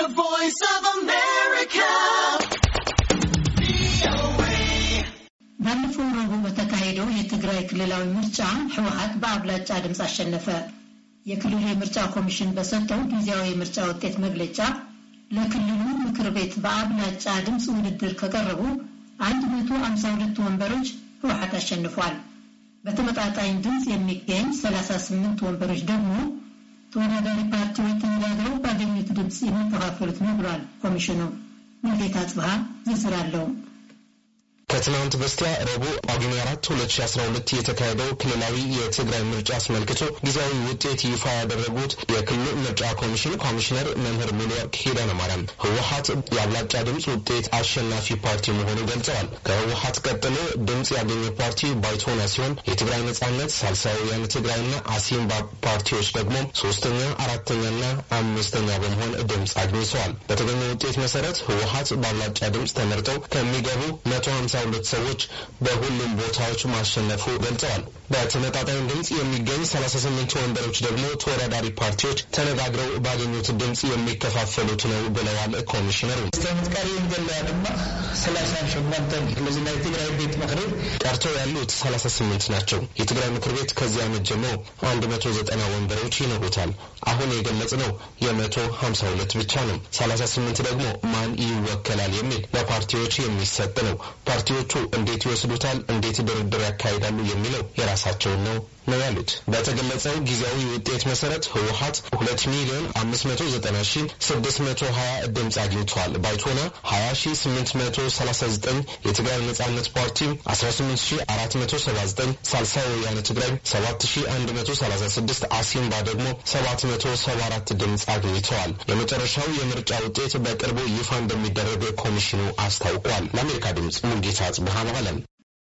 The Voice of America. ባለፈው ረቡዕ በተካሄደው የትግራይ ክልላዊ ምርጫ ህወሀት በአብላጫ ድምፅ አሸነፈ። የክልሉ የምርጫ ኮሚሽን በሰጠው ጊዜያዊ የምርጫ ውጤት መግለጫ ለክልሉ ምክር ቤት በአብላጫ ድምፅ ውድድር ከቀረቡ 152 ወንበሮች ህወሀት አሸንፏል። በተመጣጣኝ ድምፅ የሚገኝ 38 ወንበሮች ደግሞ ተወዳዳሪ ፓርቲዎች ተነጋግረው ባገኙት ድምፅ የሚከፋፈሉት ነው ብሏል ኮሚሽኑ። ሙልጌታ ጽብሃ ዝርዝር አለው። ከትናንት በስቲያ ረቡዕ ጳጉሜ 4 ሁለት የተካሄደው ክልላዊ የትግራይ ምርጫ አስመልክቶ ጊዜያዊ ውጤት ይፋ ያደረጉት የክልሉ ምርጫ ኮሚሽን ኮሚሽነር መምህር ሙሉወርቅ ኪዳነ ማርያም ህወሀት የአብላጫ ድምፅ ውጤት አሸናፊ ፓርቲ መሆኑ ገልጸዋል። ከህወሀት ቀጥሎ ድምፅ ያገኘ ፓርቲ ባይቶና ሲሆን የትግራይ ነጻነት፣ ሳልሳውያን ትግራይና አሲምባ ፓርቲዎች ደግሞ ሶስተኛ፣ አራተኛና አምስተኛ በመሆን ድምፅ አግኝተዋል። በተገኘ ውጤት መሰረት ህወሀት በአብላጫ ድምፅ ተመርጠው ከሚገቡ መቶ ሀምሳ ሁለት ሰዎች በሁሉም ቦታዎች ማሸነፉ ገልጸዋል። በተመጣጣኝ ድምፅ የሚገኝ ስምንት ወንበሮች ደግሞ ተወዳዳሪ ፓርቲዎች ተነጋግረው ባገኙት ድምፅ የሚከፋፈሉት ነው ብለዋል ኮሚሽነሩ። ቀርተው ያሉት 38 ናቸው። የትግራይ ምክር ቤት ከዚህ ዓመት ጀምሮ ዘጠና ወንበሮች ይኖሩታል። አሁን የገለጽ ነው የ ሁለት ብቻ ነው። ስምንት ደግሞ ማን ይወከላል የሚል ለፓርቲዎች የሚሰጥ ነው። ፓርቲዎቹ እንዴት ይወስዱታል፣ እንዴት ድርድር ያካሂዳሉ የሚለው የራሳቸውን ነው ነው ያሉት። በተገለጸው ጊዜያዊ ውጤት መሰረት ህወሀት ሁለት ሚሊዮን አምስት መቶ ዘጠና ሺ ስድስት መቶ ሀያ ድምፅ አግኝተዋል። ባይቶና ሀያ ሺ ስምንት መቶ ሰላሳ ዘጠኝ የትግራይ ነጻነት ፓርቲ አስራ ስምንት ሺ አራት መቶ ሰባ ዘጠኝ ሳልሳ ወያነ ትግራይ ሰባት ሺ አንድ መቶ ሰላሳ ስድስት አሲምባ ደግሞ ሰባት መቶ ሰባ አራት ድምፅ አግኝተዋል። የመጨረሻው የምርጫ ውጤት በቅርቡ ይፋ እንደሚደረገ ኮሚሽኑ አስታውቋል። ለአሜሪካ ድምፅ ሙልጌታ ጽብሃ መቀለም